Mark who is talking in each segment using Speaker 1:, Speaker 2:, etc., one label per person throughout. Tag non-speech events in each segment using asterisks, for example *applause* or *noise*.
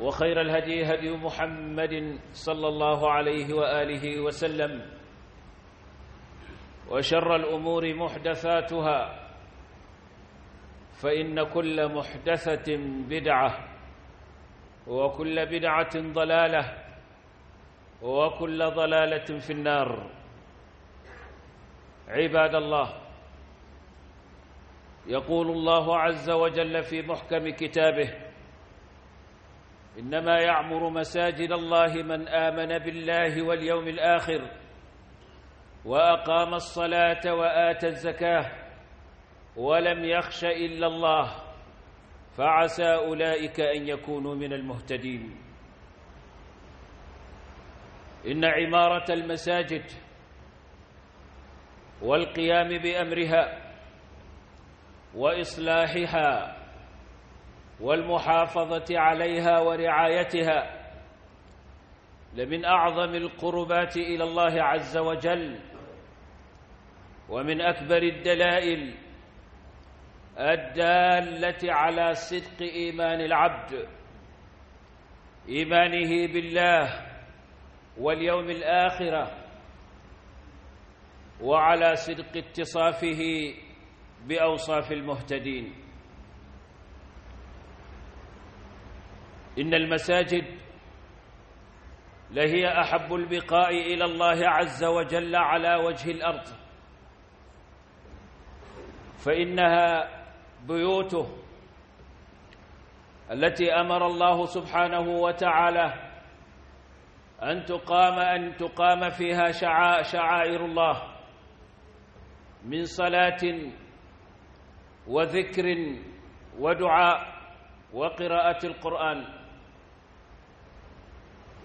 Speaker 1: وخير الهدي هدي محمد صلى الله عليه وآله وسلم وشر الأمور محدثاتها فإن كل محدثة بدعة وكل بدعة ضلالة وكل ضلالة في النار عباد الله يقول الله عز وجل في محكم كتابه إنما يعمر مساجد الله من آمن بالله واليوم الآخر وأقام الصلاة وآتى الزكاة ولم يخش إلا الله فعسى أولئك أن يكونوا من المهتدين إن عمارة المساجد والقيام بأمرها وإصلاحها والمحافظة عليها ورعايتها لمن أعظم القربات إلى الله عز وجل ومن أكبر الدلائل الدالة على صدق إيمان العبد إيمانه بالله واليوم الآخرة وعلى صدق اتصافه بأوصاف المهتدين إن المساجد لهي أحب البقاء إلى الله عز وجل على وجه الأرض فإنها بيوته التي أمر الله سبحانه وتعالى أن تقام أن تقام فيها شعائر الله من صلاة وذكر ودعاء وقراءة القرآن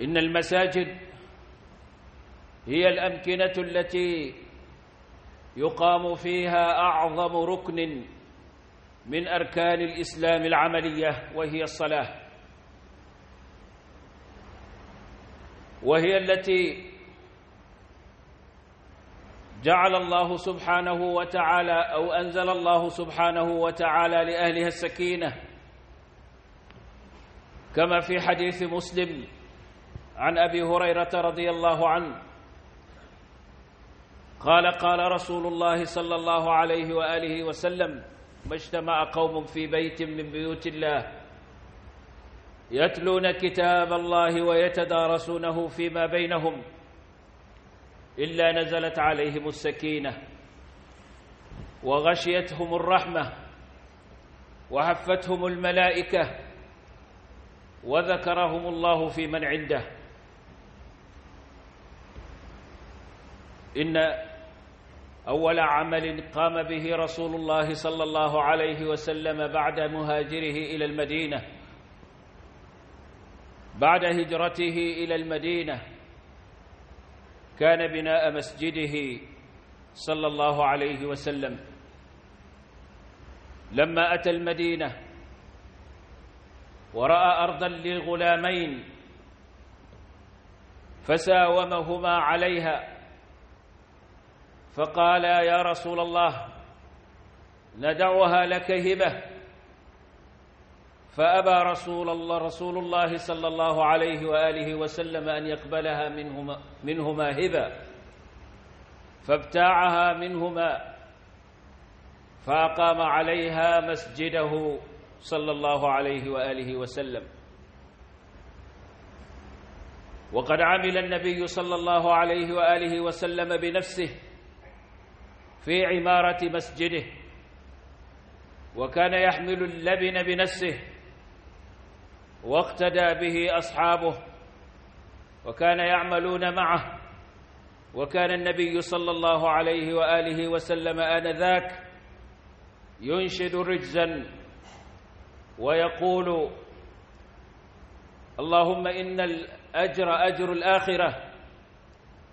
Speaker 1: إن المساجد هي الأمكنة التي يقام فيها أعظم ركن من أركان الإسلام العملية وهي الصلاة وهي التي جعل الله سبحانه وتعالى أو أنزل الله سبحانه وتعالى لأهلها السكينة كما في حديث مسلم عن ابي هريره رضي الله عنه قال قال رسول الله صلى الله عليه واله وسلم ما اجتمع قوم في بيت من بيوت الله يتلون كتاب الله ويتدارسونه فيما بينهم الا نزلت عليهم السكينه وغشيتهم الرحمه وحفتهم الملائكه وذكرهم الله في من عنده إن أول عمل قام به رسول الله صلى الله عليه وسلم بعد مهاجره إلى المدينة بعد هجرته إلى المدينة كان بناء مسجده صلى الله عليه وسلم لما أتى المدينة ورأى أرضا لغلامين فساومهما عليها فقال يا رسول الله ندعها لك هبة فأبى رسول الله رسول الله صلى الله عليه وآله وسلم أن يقبلها منهما, منهما هبة فابتاعها منهما فأقام عليها مسجده صلى الله عليه وآله وسلم وقد عمل النبي صلى الله عليه وآله وسلم بنفسه في عمارة مسجده وكان يحمل اللبن بنفسه واقتدى به أصحابه وكان يعملون معه وكان النبي صلى الله عليه وآله وسلم آنذاك ينشد رجزا ويقول اللهم إن الأجر أجر الآخرة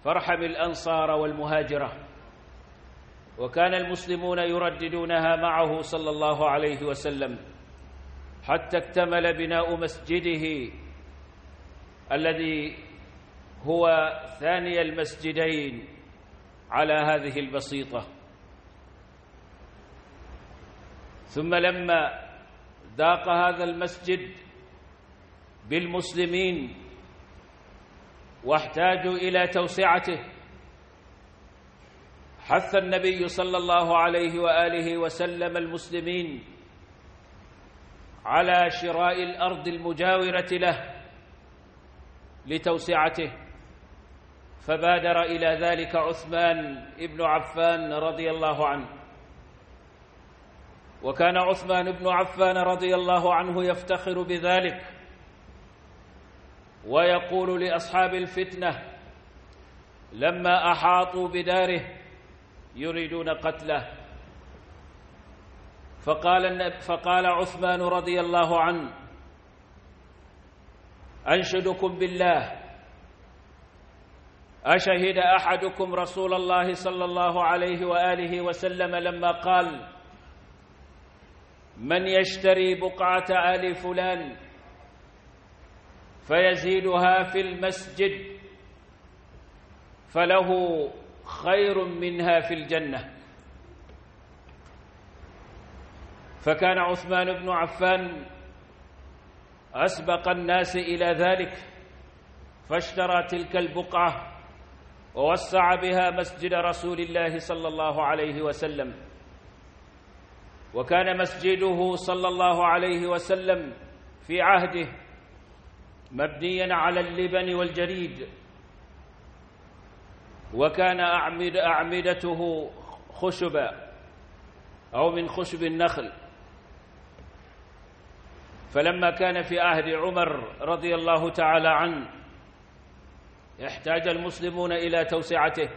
Speaker 1: فارحم الأنصار والمهاجرة وكان المسلمون يرددونها معه صلى الله عليه وسلم حتى اكتمل بناء مسجده الذي هو ثاني المسجدين على هذه البسيطة ثم لما ذاق هذا المسجد بالمسلمين واحتاجوا إلى توسعته حث النبي صلى الله عليه وآله وسلم المسلمين على شراء الأرض المجاورة له لتوسعته فبادر إلى ذلك عثمان بن عفان رضي الله عنه وكان عثمان بن عفان رضي الله عنه يفتخر بذلك ويقول لأصحاب الفتنة لما أحاطوا بداره يريدون قتله فقال, فقال عثمان رضي الله عنه أنشدكم بالله أشهد أحدكم رسول الله صلى الله عليه وآله وسلم لما قال من يشتري بقعة آل فلان فيزيدها في المسجد فله خير منها في الجنة فكان عثمان بن عفان أسبق الناس إلى ذلك فاشترى تلك البقعة ووسع بها مسجد رسول الله صلى الله عليه وسلم وكان مسجده صلى الله عليه وسلم في عهده مبنيا على اللبن والجريد وكان أعمد أعمدته خشبا أو من خشب النخل فلما كان في عهد عمر رضي الله تعالى عنه احتاج المسلمون إلى توسعته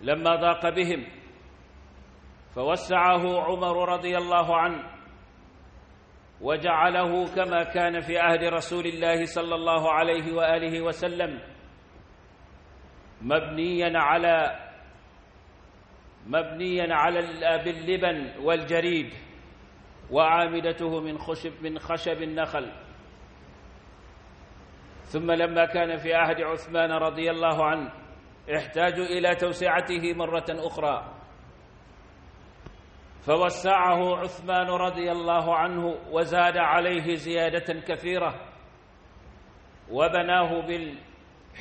Speaker 1: لما ضاق بهم فوسعه عمر رضي الله عنه وجعله كما كان في عهد رسول الله صلى الله عليه وآله وسلم مبنيا على مبنيا على باللبن والجريد وعامدته من خشب من خشب النخل ثم لما كان في عهد عثمان رضي الله عنه احتاجوا إلى توسعته مرة أخرى فوسعه عثمان رضي الله عنه وزاد عليه زيادة كثيرة وبناه بال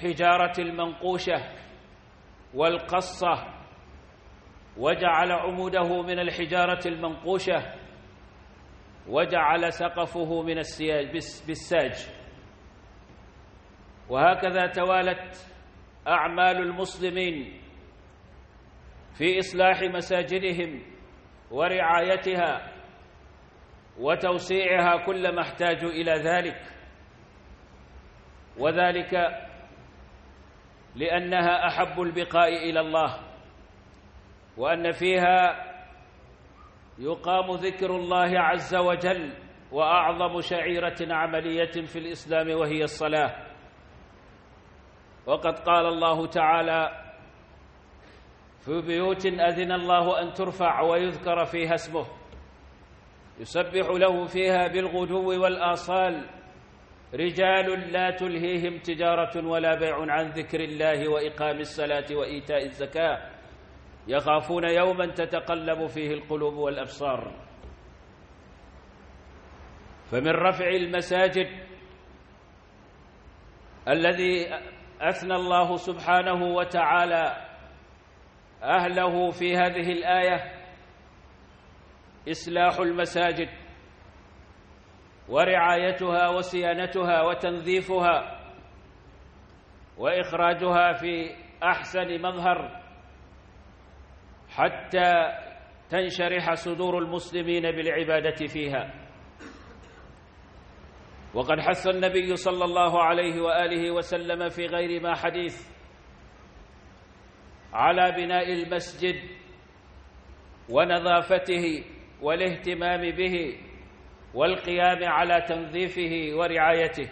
Speaker 1: حجارة المنقوشة والقصة وجعل عموده من الحجارة المنقوشة وجعل سقفه من السياج بالساج وهكذا توالت أعمال المسلمين في إصلاح مساجدهم ورعايتها وتوسيعها كلما احتاجوا إلى ذلك وذلك لأنها أحب البقاء إلى الله وأن فيها يقام ذكر الله عز وجل وأعظم شعيرة عملية في الإسلام وهي الصلاة وقد قال الله تعالى في بيوت أذن الله أن ترفع ويذكر فيها اسمه يسبح له فيها بالغدو والآصال رجال لا تلهيهم تجارة ولا بيع عن ذكر الله وإقام الصلاة وإيتاء الزكاة يخافون يوما تتقلب فيه القلوب والأبصار فمن رفع المساجد الذي أثنى الله سبحانه وتعالى أهله في هذه الآية إصلاح المساجد ورعايتها وصيانتها وتنظيفها واخراجها في احسن مظهر حتى تنشرح صدور المسلمين بالعباده فيها وقد حث النبي صلى الله عليه واله وسلم في غير ما حديث على بناء المسجد ونظافته والاهتمام به والقيام على تنظيفه ورعايته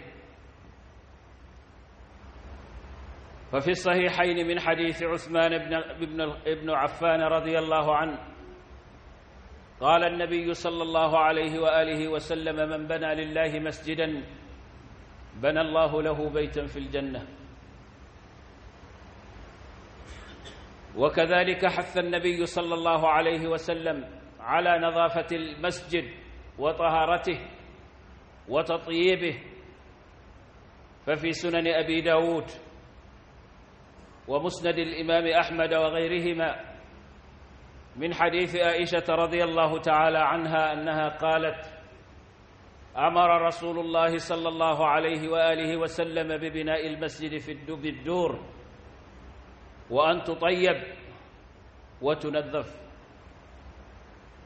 Speaker 1: ففي الصحيحين من حديث عثمان بن, بن, عفان رضي الله عنه قال النبي صلى الله عليه وآله وسلم من بنى لله مسجدا بنى الله له بيتا في الجنة وكذلك حث النبي صلى الله عليه وسلم على نظافة المسجد وطهارته وتطييبه ففي سنن أبي داود ومسند الإمام أحمد وغيرهما من حديث عائشة رضي الله تعالى عنها أنها قالت أمر رسول الله صلى الله عليه وآله وسلم ببناء المسجد في الدور وأن تطيب وتنظف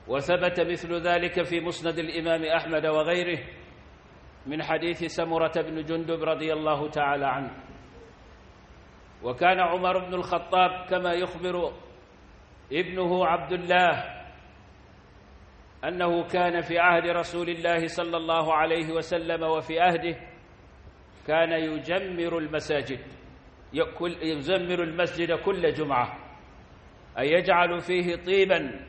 Speaker 1: وثبت مثل ذلك في مسند الإمام أحمد وغيره من حديث سمرة بن جندب رضي الله تعالى عنه وكان عمر بن الخطاب كما يخبر ابنه عبد الله أنه كان في عهد رسول الله صلى الله عليه وسلم وفي عهده كان يجمر المساجد يزمر المسجد كل جمعة أي يجعل فيه طيباً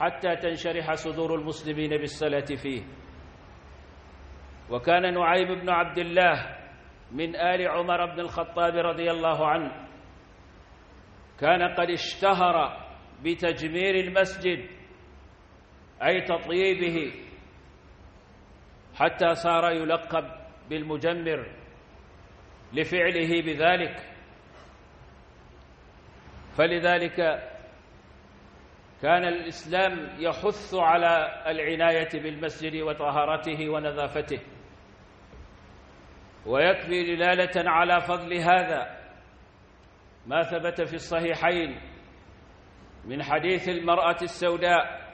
Speaker 1: حتى تنشرح صدور المسلمين بالصلاة فيه وكان نعيم بن عبد الله من آل عمر بن الخطاب رضي الله عنه كان قد اشتهر بتجمير المسجد أي تطييبه حتى صار يلقب بالمجمر لفعله بذلك فلذلك كان الإسلام يحث على العناية بالمسجد وطهارته ونظافته ويكفي دلالة على فضل هذا ما ثبت في الصحيحين من حديث المرأة السوداء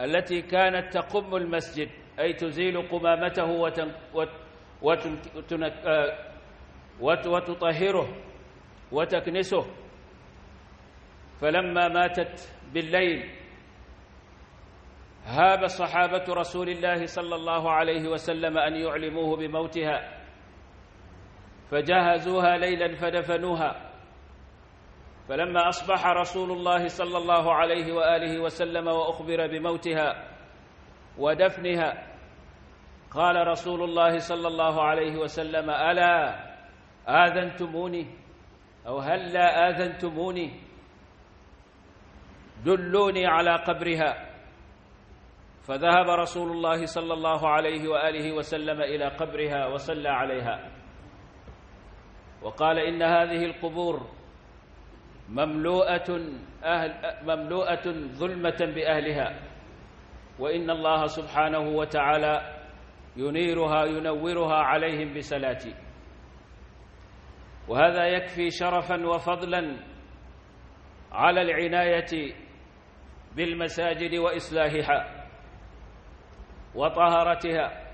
Speaker 1: التي كانت تقم المسجد أي تزيل قمامته آه، وتطهره وتكنسه فلما ماتت بالليل هاب صحابة رسول الله صلى الله عليه وسلم أن يعلموه بموتها فجهزوها ليلا فدفنوها فلما أصبح رسول الله صلى الله عليه وآله وسلم وأخبر بموتها ودفنها قال رسول الله صلى الله عليه وسلم ألا آذنتموني أو هل لا آذنتموني دلوني على قبرها فذهب رسول الله صلى الله عليه واله وسلم الى قبرها وصلى عليها وقال ان هذه القبور مملوءه اهل مملوءه ظلمه باهلها وان الله سبحانه وتعالى ينيرها ينورها عليهم بسلاتي وهذا يكفي شرفا وفضلا على العنايه بالمساجد واصلاحها وطهارتها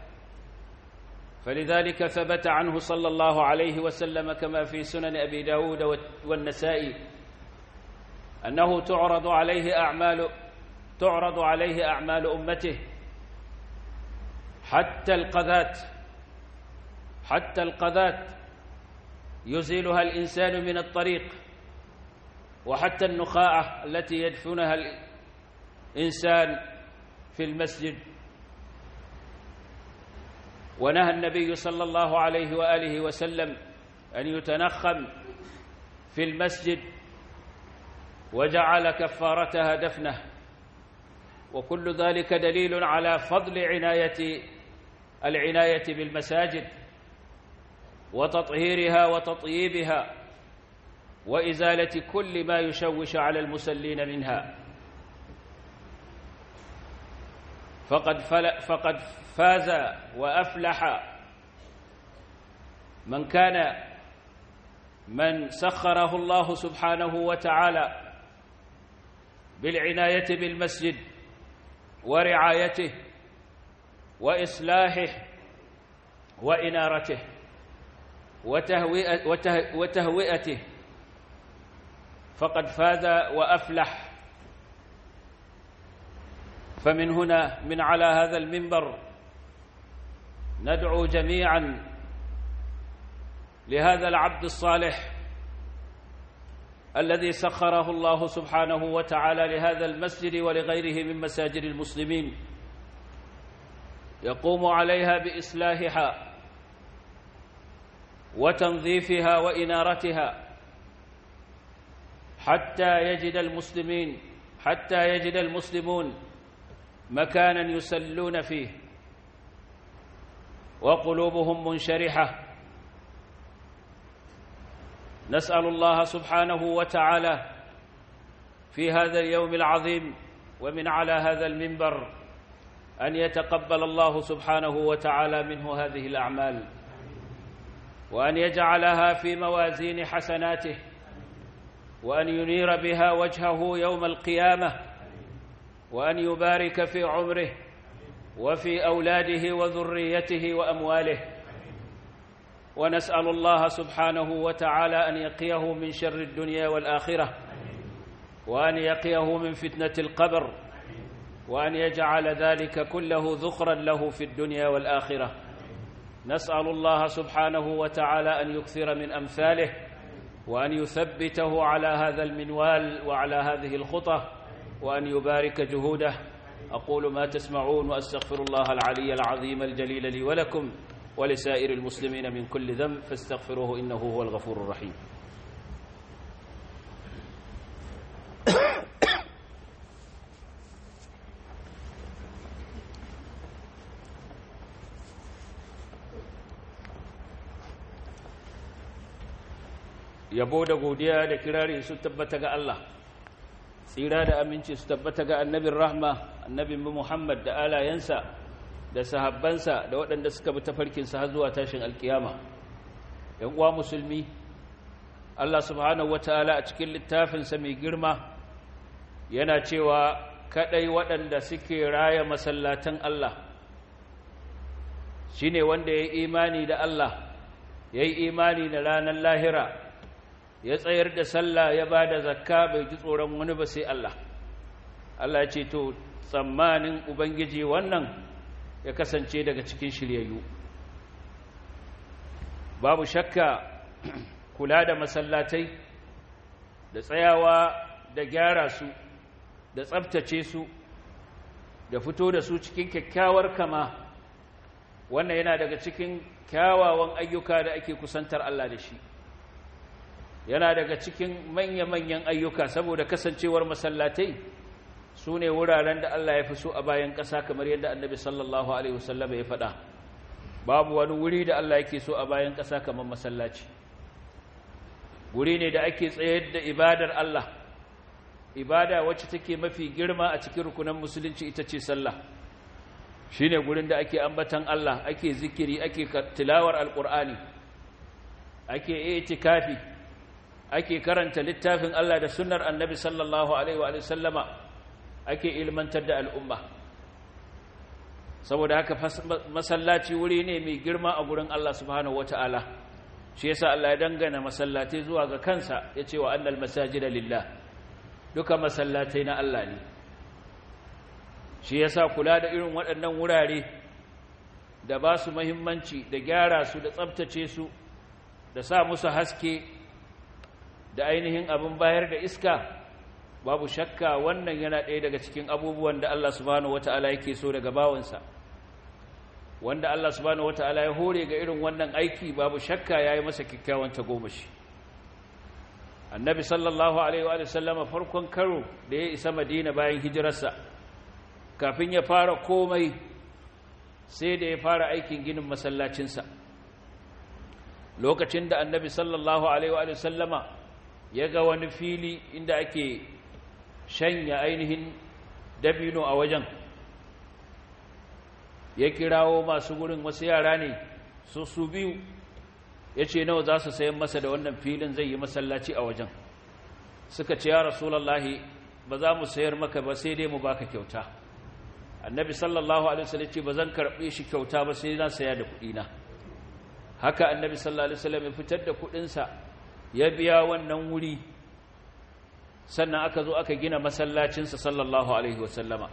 Speaker 1: فلذلك ثبت عنه صلى الله عليه وسلم كما في سنن ابي داود والنسائي انه تعرض عليه اعمال تعرض عليه اعمال امته حتى القذات حتى القذات يزيلها الانسان من الطريق وحتى النخاعه التي يدفنها إنسان في المسجد ونهى النبي صلى الله عليه وآله وسلم أن يتنخم في المسجد وجعل كفارتها دفنه وكل ذلك دليل على فضل عناية العناية بالمساجد وتطهيرها وتطييبها وإزالة كل ما يشوش على المسلين منها فقد فقد فاز وافلح من كان من سخره الله سبحانه وتعالى بالعنايه بالمسجد ورعايته واصلاحه وانارته وتهوئته فقد فاز وافلح فمن هنا من على هذا المنبر ندعو جميعا لهذا العبد الصالح الذي سخره الله سبحانه وتعالى لهذا المسجد ولغيره من مساجد المسلمين يقوم عليها بإصلاحها وتنظيفها وإنارتها حتى يجد المسلمين حتى يجد المسلمون مكانا يسلون فيه وقلوبهم منشرحة نسأل الله سبحانه وتعالى في هذا اليوم العظيم ومن على هذا المنبر أن يتقبل الله سبحانه وتعالى منه هذه الأعمال وأن يجعلها في موازين حسناته وأن ينير بها وجهه يوم القيامة وأن يبارك في عمره وفي أولاده وذريته وأمواله ونسأل الله سبحانه وتعالى أن يقيه من شر الدنيا والآخرة وأن يقيه من فتنة القبر وأن يجعل ذلك كله ذخرا له في الدنيا والآخرة نسأل الله سبحانه وتعالى أن يكثر من أمثاله وأن يثبته على هذا المنوال وعلى هذه الخطى وأن يبارك جهوده أقول ما تسمعون وأستغفر الله العلي العظيم الجليل لي ولكم ولسائر المسلمين من كل ذنب فاستغفروه إنه هو الغفور الرحيم يبود da لكراري ستبتك الله tsira da aminci su tabbata ga annabin rahma annabin muhammad da alayensa da sahabbansa da waɗanda suka bi tafarkinsa har zuwa tashin alkiyama ‘yan uwa musulmi Allah subhanahu wata'ala a cikin littafinsa mai girma yana cewa kaɗai waɗanda suke raya masallatan Allah shi ne wanda ya yi imani da Allah ya yi imani da ranar lahira ya tsayar da sallah ya ba da zakka bai ji tsoron wani ba sai Allah Allah ce to tsammanin ubangiji wannan ya kasance daga cikin shiryayyu babu shakka *clears throat* kula da masallatai da tsayawa da gyara su da tsabtace su da fito da su cikin kyakkyawar kama wannan yana daga cikin kyawawan ayyuka da ake kusantar Allah da shi yana daga cikin manya-manyan ayyuka saboda kasancewar masallatai su ne wuraren da Allah ya fi so a bayan ƙasa kamar yadda annabi sallallahu alaihi wasallam ya faɗa babu wani wuri da Allah yake so a bayan ƙasa kamar masallaci wuri ne da ake tsayar da ibadar Allah ibada wacce take mafi girma a cikin rukunan musulunci ita ce sallah Shi ne wurin da ake ambatan Allah ake zikiri ake tilawar alqur'ani ake itikafi ake karanta littafin Allah da sunnar annabi sallallahu alaihi wa sallama ake ilmantar da al'umma saboda haka masallaci wuri ne mai girma a gurin Allah subhanahu Ta'ala shi yasa Allah ya dangana masallatai zuwa ga kansa ya ce wa annal da lillah duka masallatai na Allah ne shi yasa kula da irin waɗannan wurare da ba su muhimmanci da gyara su da tsabtace su da sa musu haske da ainihin abin bayar da iska babu shakka wannan yana ɗaya daga cikin abubuwan da Allah subhanahu wata'ala yake so daga bawansa wanda Allah subhanahu wata'ala ya hore ga irin wannan aiki babu shakka ya yi masa kikkiawan tagomashi annabi sallallahu alaihi wa sallama farkon karo da ya isa madina bayan hijirarsa kafin ya fara komai sai da ya fara aikin ginin masallacinsa lokacin da annabi sallallahu alaihi wa sallama ya ga wani fili inda ake shanya ainihin dabino a wajen ya kirawo masu gurin wasu yara ne su su biyu ya ce nawa za su sayan masa da wannan filin zai yi masallaci a wajen suka ce ya rasulallahi ba za mu sayar maka ba sai dai mu baka kyauta annabi sallallahu alaihi wasallam ce ba zan karɓe shi kyauta ba sai na saya da na. haka annabi sallallahu alaihi wasallam ya fitar da kuɗinsa ya biya wannan wuri sannan aka zo aka gina masallacinsa sallallahu alaihi wasallama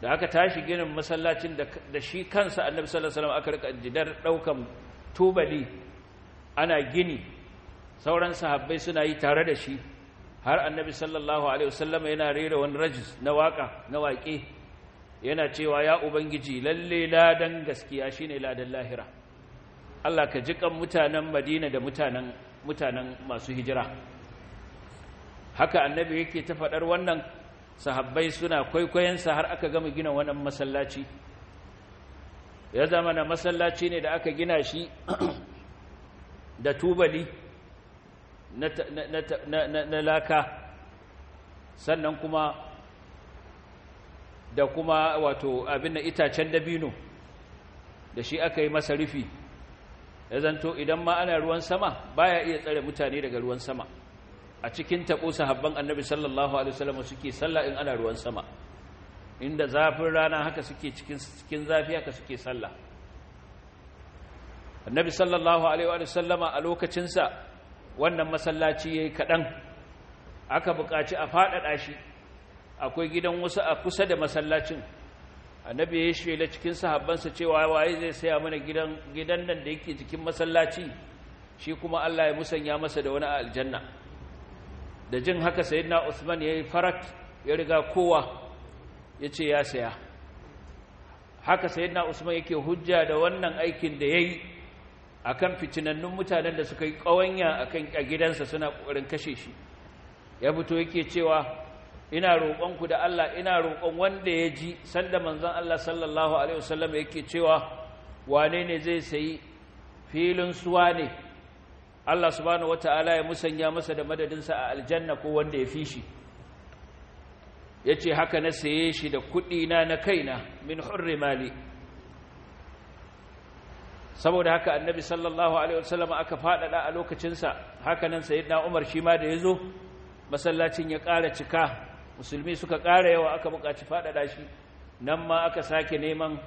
Speaker 1: da aka tashi ginin masallacin da shi kansa annabi sallallahu alaihi wasallam aka rika daukan tubali ana gini sauran sahabbai suna yi tare da shi har annabi sallallahu alaihi wasallam yana rera wani rajis na waka na waƙe yana cewa ya ubangiji lalle ladan gaskiya shine ladan lahira Allah ka jikan mutanen Madina da mutanen mutanen masu hijira haka annabi yake ta faɗar wannan sahabbai suna kwaikwayensa har aka gama gina wannan masallaci ya zama na masallaci ne da aka gina shi *clears throat* da tubali na laka sannan kuma da kuma wato abin na itacen dabino da shi aka yi masa rufi ya zanto idan ma ana ruwan sama baya iya tsare mutane daga ruwan sama a cikin taɓo sahabban annabi sallallahu alaihi wasallam suke sallah in ana ruwan sama inda zafin rana haka suke cikin cikin zafi haka suke sallah annabi sallallahu alaihi wasallama a lokacin sa wannan masallaci yayi kadan aka buƙaci a faɗaɗa shi akwai gidan wasu a kusa da masallacin annabi ya shela cikin sahabbansa cewa waye zai saya mana gidan nan da yake cikin masallaci shi kuma Allah ya musanya masa da wani aljanna da jin haka sayyidina Usman yayi farat ya riga kowa ya ce ya saya haka sayyidina Usman yake hujja da wannan aikin da yayi akan fitinannun mutanen da suka yi kawanya akan a gidansa suna kokarin kashe shi ya fito yake cewa ina roƙonku da Allah ina roƙon wanda ya ji sanda manzon Allah sallallahu alaihi wasallam yake cewa wane ne zai sayi filin suwa ne Allah subhanahu wataala ya musanya masa da madadinsa a aljanna ko wanda ya fi shi yace haka na saye shi da kuɗi na na kaina min hurri mali saboda haka annabi sallallahu alaihi wasallam aka faɗaɗa a lokacinsa nan sayyidina Umar shi ma da yazo masallacin ya ƙara cika musulmi suka ƙara yawa aka buƙaci faɗaɗa shi nan ma aka sake neman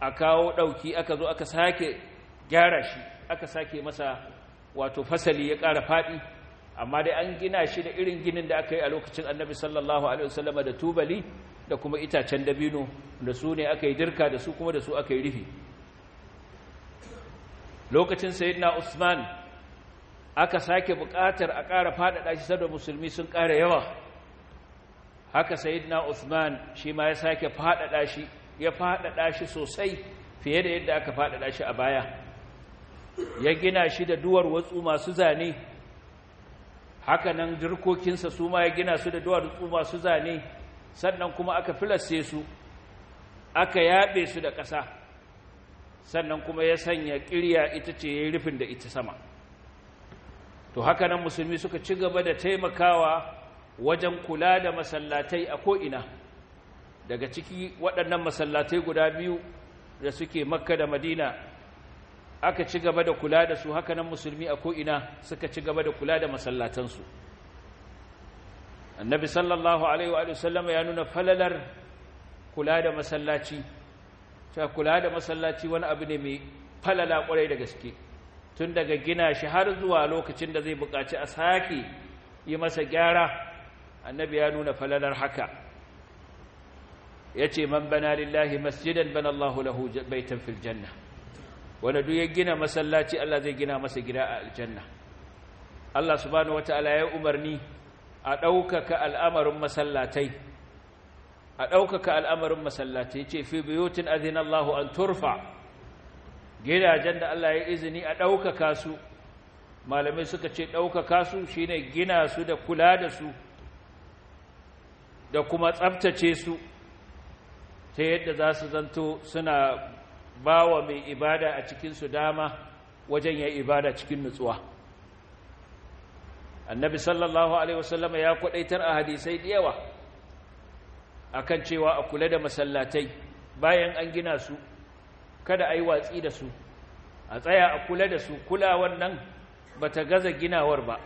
Speaker 1: a kawo ɗauki aka zo aka sake gyara shi aka sake masa wato fasali ya ƙara faɗi amma dai an gina shi da irin ginin da aka yi a lokacin annabi sallallahu alaihi wasallama da tubali da kuma itacen dabino da su ne aka yi dirka da su kuma da su aka yi rufi lokacin sayyidina usman aka sake buƙatar a ƙara faɗaɗa shi saboda musulmi sun ƙara yawa haka sayyidina Uthman shi ma ya sake fadada shi ya faɗaɗa shi sosai fiye da yadda aka faɗaɗa shi a baya ya gina shi da duwar watsu masu zane haka nan jirkokinsa su ma ya gina su da duwar watsu masu zane sannan kuma aka filasse su aka yaɓe su da ƙasa sannan kuma ya sanya ƙirya ita ce ya yi rufin da ita sama to haka nan musulmi suka ci gaba da taimakawa wajen kula da masallatai a ko'ina daga ciki waɗannan masallatai guda biyu da suke makka da madina aka ci gaba da kula da su haka nan musulmi a ko'ina suka ci gaba da kula da masallatansu annabi sallallahu alaihi wa sallama ya nuna falalar kula da masallaci ta kula da masallaci wani abu ne mai falala kwarai da gaske tun daga gina shi har zuwa lokacin da zai buƙaci a sake yi masa gyara annabi ya nuna falalar haka yace man bana lillahi masjidan bana Allahu lahu baitan fil janna wanda duk ya gina masallaci Allah zai gina masa gida a aljanna Allah subhanahu wataala ya umarni a ɗaukaka al'amarin masallatai a ɗaukaka al'amarin masallatai ce fi biyutin azina Allahu an turfa gidajen da Allah ya izini a ɗaukaka su malamai suka ce ɗaukaka su shine gina su da kula da su da kuma tsabtace su ta yadda za su zanto suna ba wa mai ibada a cikinsu dama wajen ya ibada cikin nutsuwa annabi sallallahu alaihi wasallam ya kwadaitar a hadisai da yawa akan cewa a kula da masallatai bayan an gina su kada a yi watsi da su a tsaya a kula da su kulawar nan ba ta gaza ginawar ba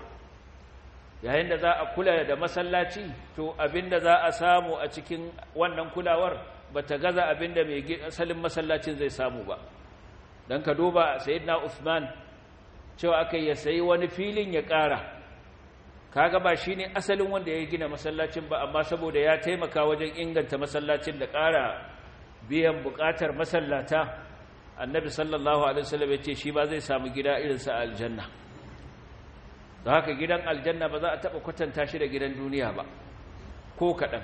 Speaker 1: yayin da za a kula da masallaci to abin da za a samu a cikin wannan kulawar ba ta gaza da mai asalin masallacin zai samu ba don ka duba na usman cewa aka ya sayi wani filin ya ƙara kaga ba ne asalin wanda ya gina masallacin ba amma saboda ya taimaka wajen inganta masallacin da ƙara biyan buƙatar masallata annabi sallallahu alaihi wasallam ya ce shi ba zai samu gida irinsa a aljanna Za haka gidan aljanna ba za a taɓa kwatanta shi da gidan duniya ba ko kaɗan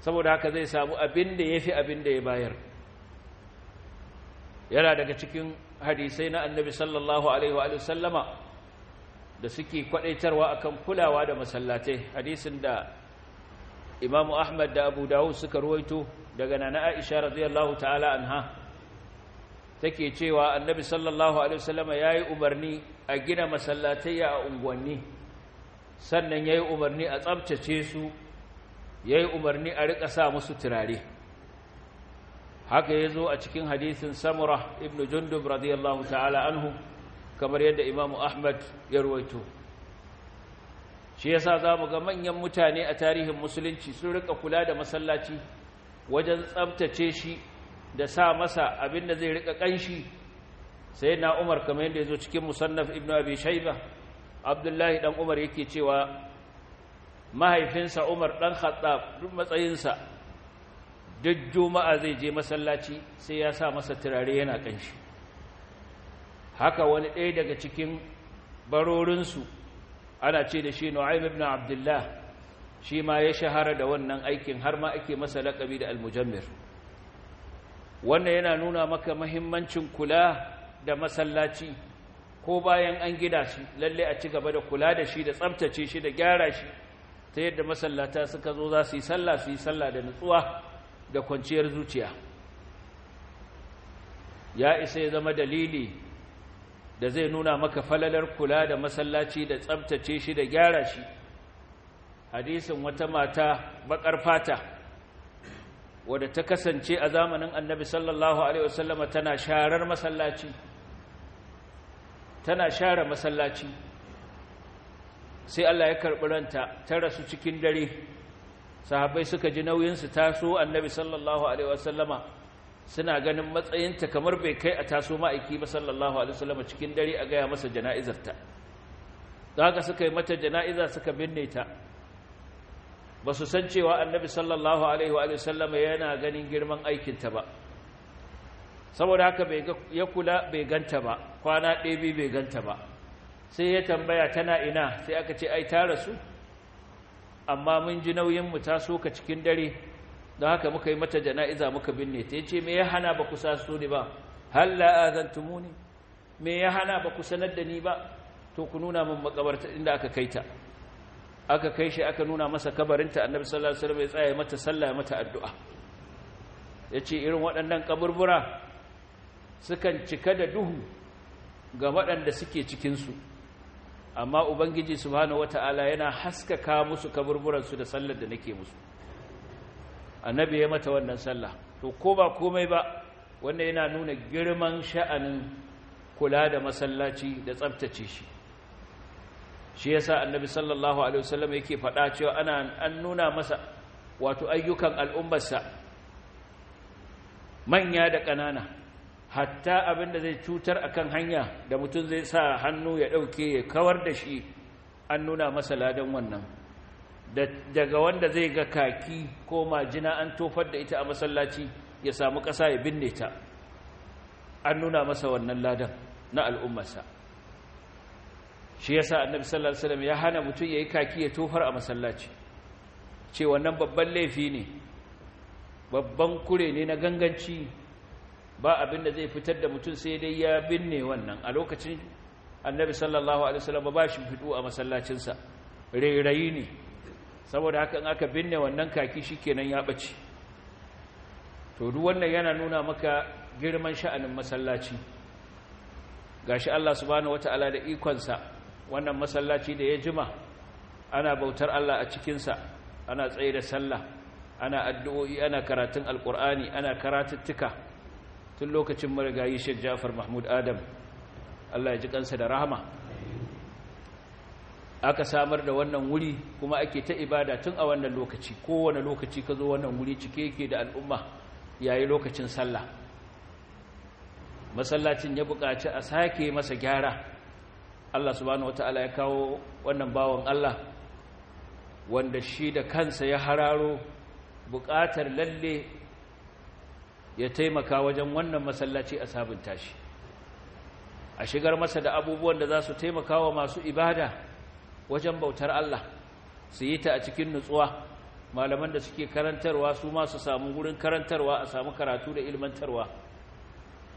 Speaker 1: saboda haka zai samu abin da ya fi abin da ya bayar yana daga cikin hadisai na annabi sallallahu alaihi wa sallama da suke kwadaitarwa akan kulawa da masallatai hadisin da imamu ahmad da abu dawud suka ruwaito daga nana aisha radiyallahu ta'ala anha take cewa annabi sallallahu alaihi wasallama yayi umarni a gina masallatai a unguwanni sannan yayi umarni a tsabtace su yayi umarni a rika sa musu turare haka ya zo a cikin hadisin samura ibnu jundub radiyallahu ta'ala anhu kamar yadda imam ahmad ya ruwaito shi yasa zamu ga manyan mutane a tarihin musulunci sun rika kula da masallaci wajen tsabtace shi da sa masa abin da zai rika kanshi sai na umar kamar yadda ya zo cikin musannaf ibn abi shaiba abdullahi dan umar yake cewa mahaifinsa umar dan khattab duk matsayinsa duk juma'a zai je masallaci sai ya sa masa turare yana kanshi haka wani ɗaya daga cikin barorinsu ana ce da shi nu'aym ibn abdullah shi ma ya shahara da wannan aikin har ma ake masa laƙabi da al wannan yana nuna maka mahimmancin kula da masallaci ko bayan an gida shi lalle a ci gaba da kula da shi da tsabtace shi da gyara shi ta yadda masallata suka zo za su yi sallah su yi sallah da nutsuwa da kwanciyar zuciya ya isa ya zama dalili da zai nuna maka falalar kula da masallaci da tsabtace shi da gyara shi hadisin wata mata baƙar fata wadda ta kasance a zamanin annabi sallallahu alaihi wasallama tana sharar masallaci tana share masallaci sai Allah ya karɓi ranta ta rasu cikin dare sahabbai suka ji nauyinsu taso annabi sallallahu alaihi wasallama suna ganin matsayinta kamar bai kai a taso ma'aiki ba sallallahu alaihi wasallama cikin dare a gaya masa jana'izarta za ka suka yi mata jana'iza suka binne ta ba su san cewa annabi sallallahu alaihi wa sallam yana ganin girman aikinta ba saboda haka ya kula bai ganta ba kwana ɗebi bai ganta ba sai ya tambaya tana ina sai aka ce ai ta rasu amma mun ji nauyin ta soka cikin dare don haka muka yi mata jana'iza muka binne ta ce me ya hana ba ku sasu ni ba hal azantumuni me ya hana ba ku sanar da ni ba to ku nuna min makabarta inda aka kaita aka kai shi aka nuna masa kabarinta annabi sallallahu alaihi wasallam ya tsaya mata sallah mata addu'a yace irin waɗannan kaburbura sukan cika da duhu ga waɗanda suke cikin su amma ubangiji subhanahu wataala yana haskaka musu kaburburan su da sallar da nake musu annabi ya mata wannan sallah to ko ba komai ba wannan yana nuna girman sha'anin kula da masallaci da tsaftace shi shi yasa annabi sallallahu alaihi wasallam yake faɗa cewa ana an nuna masa wato ayyukan al'ummarsa manya da ƙanana hatta abin da zai cutar akan hanya da mutum zai sa hannu ya ɗauke ya kawar da shi an nuna masa ladan wannan daga wanda zai ga kaki ko majina an tofar da ita a masallaci ya samu ƙasa ya binne ta an nuna masa wannan ladan na al'ummarsa shi sa annabi sallallahu alaihi wasallam ya hana mutum yayi kaki ya tofar a masallaci ce wannan babban laifi ne babban kure ne na ganganci ba abin da zai fitar da mutum sai dai ya binne wannan a lokacin annabi sallallahu alaihi wasallam ba shi fitu a masallacinsa rairayi ne saboda haka in aka binne wannan kaki shikenan ya bace to duk wannan yana nuna maka girman sha'anin masallaci gashi Allah subhanahu wataala da ikonsa wannan masallaci da ya jima ana bautar Allah a cikinsa ana tsaye da sallah ana addu'o'i ana karatun alƙur'ani ana karatuttuka tun lokacin marigayi shek Jafar Mahmud Adam Allah ya ji kansa da rahama aka samar da wannan wuri kuma ake ta ibada tun a wannan lokaci kowane lokaci ka zo wannan wuri cike yake da al'umma yayi lokacin sallah masallacin ya buƙaci a sake masa gyara Allah subhanahu wataala ya kawo wannan bawan Allah wanda shi da kansa ya hararo buƙatar lalle ya taimaka wajen wannan masallaci a sabunta shi a shigar masa da abubuwan da za su taimaka wa masu ibada wajen bautar Allah su yi ta a cikin nutsuwa malaman da suke karantarwa su ma su samu wurin karantarwa a samu karatu da ilmantarwa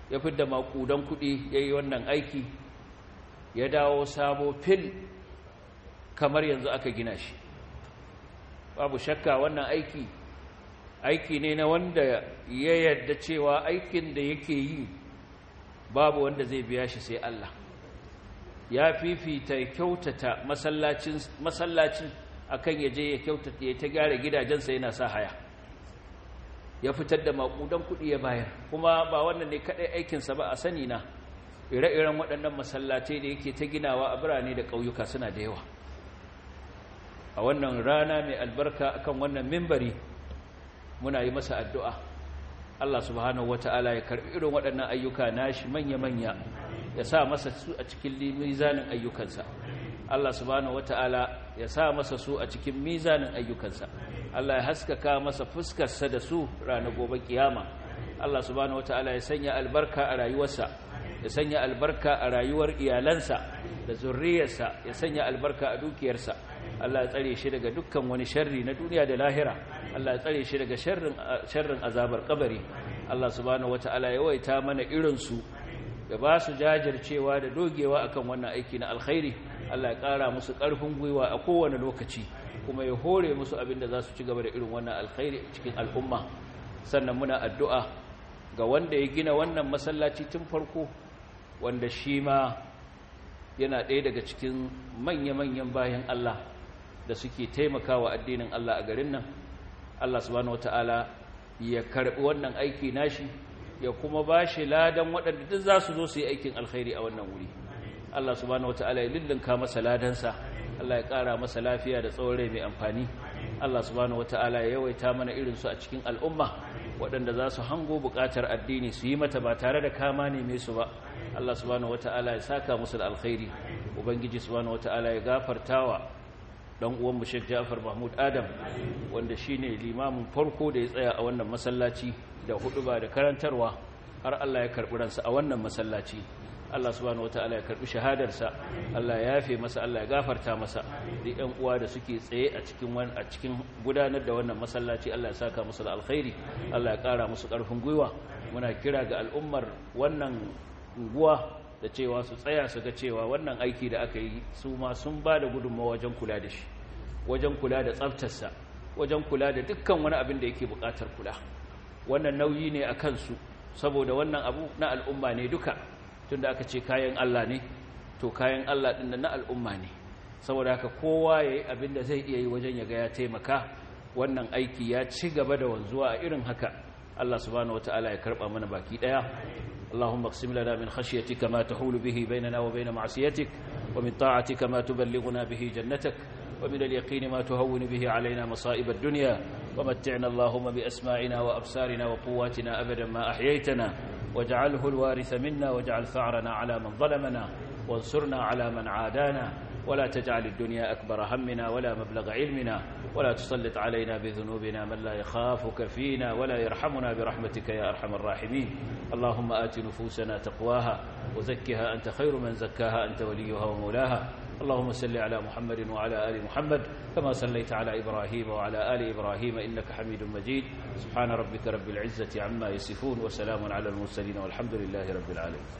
Speaker 1: ya fi da maƙudan kuɗi ya yi wannan aiki ya dawo sabo fil kamar yanzu aka gina shi babu shakka wannan aiki aiki ne na wanda ya yarda cewa aikin da yake yi babu wanda zai biya shi sai Allah ya fifita ya kyautata masallacin akan ya je ya kyautata ya ta gyara gidajensa yana sa haya ya fitar da maƙudan kuɗi ya bayar kuma ba wannan ne kaɗai aikinsa ba a sani na ire-iren waɗannan masallatai da yake ta ginawa a birane da ƙauyuka suna da yawa a wannan rana mai albarka akan wannan mimbari muna yi masa addu'a Allah subhanahu wata'ala ya karɓi irin waɗannan ayyuka nashi manya-manya ya sa masa su a cikin mizanin ayyukansa Allah subhanahu wata'ala ya sa masa su a cikin mizanin ayyukansa Allah ya haskaka masa fuskarsa da su ranar gobe kiyama Allah subhanahu wata'ala ya sanya albarka a rayuwarsa ya sanya albarka a rayuwar iyalansa da zurriyarsa ya sanya albarka a dukiyarsa Allah ya tsare shi daga dukkan wani sharri na duniya da lahira Allah ya tsare shi daga sharrin sharrin azabar kabari Allah subhanahu wataala ya waita mana irin su da ba su jajircewa da dogewa akan wannan aiki na alkhairi Allah ya kara musu karfin gwiwa a kowane lokaci kuma ya hore musu abin da za su ci gaba da irin wannan alkhairi cikin al'umma sannan muna addu'a ga wanda ya gina wannan masallaci tun farko wanda shi ma yana ɗaya daga cikin manya-manyan bayan Allah da suke taimakawa addinin Allah a garin nan Allah subhanahu wata'ala ya karɓi wannan aiki nashi ya kuma ba shi ladan waɗanda duk za su zo su yi aikin alkhairi a wannan wuri Allah subhanahu wata'ala ya lullunka masa ladansa Allah ya ƙara masa lafiya da tsaurai mai amfani Allah subhanahu wata'ala ya yawaita mana irin su a cikin al'umma waɗanda za su hango buƙatar addini su yi mata ba tare da kama ne mai su ba Allah subhanahu wata'ala ya saka musu da alkhairi ubangiji subhanahu wata'ala ya gafartawa dan uwan mu Sheikh Ja'far Mahmud Adam wanda shine limamin farko da ya tsaya a wannan masallaci da huduba da karantarwa har Allah ya karbi ransa a wannan masallaci Allah subhanahu wataala ya karbi shahadarsa Allah ya yafe masa Allah ya gafarta masa duk ɗan uwa da suke tsaye a cikin a cikin gudanar da wannan masallaci Allah ya saka musu da alkhairi Allah ya kara musu karfin gwiwa muna kira ga al'ummar wannan guguwa da cewa su tsaya su ga cewa wannan aiki da aka yi su ma sun ba da gudunmawa wajen kula da shi wajen kula da tsaftarsa wajen kula da dukkan wani abin da yake bukatar kula wannan nauyi ne a kansu saboda wannan abu na al'umma ne duka tunda aka ce kayan Allah ne to kayan Allah ɗin na al'umma ne saboda haka kowa ya yi abin da zai iya yi wajen ya ga ya taimaka wannan aiki ya ci gaba da wanzuwa a irin haka Allah subhanahu wata'ala ya karɓa mana baki ɗaya اللهم اقسم لنا من خشيتك ما تحول به بيننا وبين معصيتك ومن طاعتك ما تبلغنا به جنتك ومن اليقين ما تهون به علينا مصائب الدنيا ومتعنا اللهم بأسماعنا وأبصارنا وقواتنا أبدا ما أحييتنا واجعله الوارث منا واجعل ثعرنا على من ظلمنا وانصرنا على من عادانا ولا تجعل الدنيا أكبر همنا ولا مبلغ علمنا ولا تسلط علينا بذنوبنا من لا يخافك فينا ولا يرحمنا برحمتك يا أرحم الراحمين اللهم آت نفوسنا تقواها وزكها أنت خير من زكاها أنت وليها ومولاها اللهم صل على محمد وعلى آل محمد كما صليت على إبراهيم وعلى آل إبراهيم إنك حميد مجيد سبحان ربك رب العزة عما يصفون وسلام على المرسلين والحمد لله رب العالمين